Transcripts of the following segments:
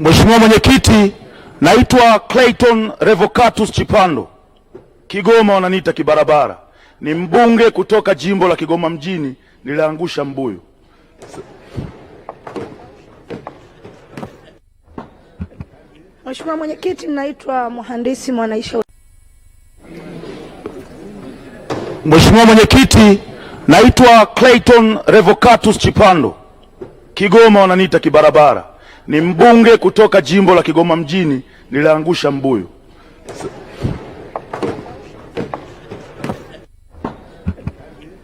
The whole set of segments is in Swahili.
Mheshimiwa Mwenyekiti, naitwa Clayton Revocatus Chipando, Kigoma wananiita kibarabara. Ni mbunge kutoka jimbo la Kigoma mjini, niliangusha mbuyu. Mheshimiwa Mwenyekiti, naitwa mhandisi Mwanaisha. Mheshimiwa Mwenyekiti, naitwa Clayton Revocatus Chipando, Kigoma wananiita kibarabara ni mbunge kutoka jimbo la Kigoma mjini, niliangusha mbuyu.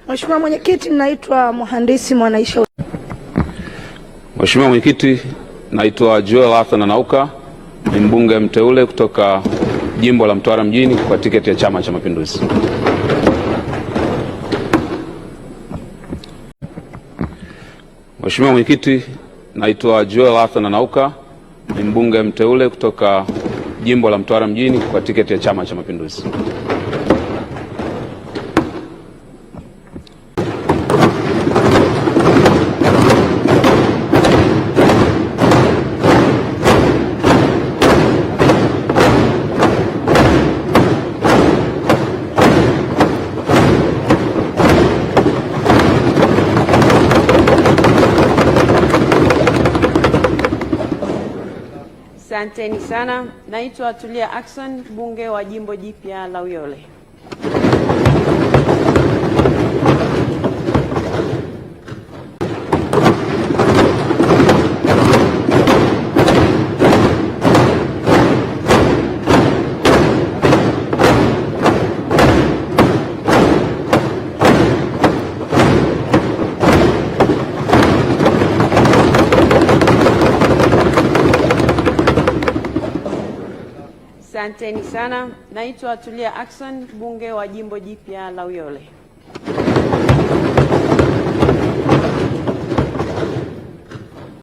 Mheshimiwa Mwenyekiti, naitwa mhandisi Mwanaisha. Mheshimiwa Mwenyekiti, naitwa Joel Arthur Nanauka, ni mbunge mteule kutoka jimbo la Mtwara mjini kwa tiketi ya Chama cha Mapinduzi. Mheshimiwa Mwenyekiti Naitwa Joel Arthur Anauka, ni mbunge mteule kutoka jimbo la Mtwara mjini kwa tiketi ya Chama cha Mapinduzi. Asanteni sana. Naitwa Tulia Ackson, mbunge wa jimbo jipya la Uyole. Asanteni sana. Naitwa Tulia Ackson, mbunge wa jimbo jipya la Uyole.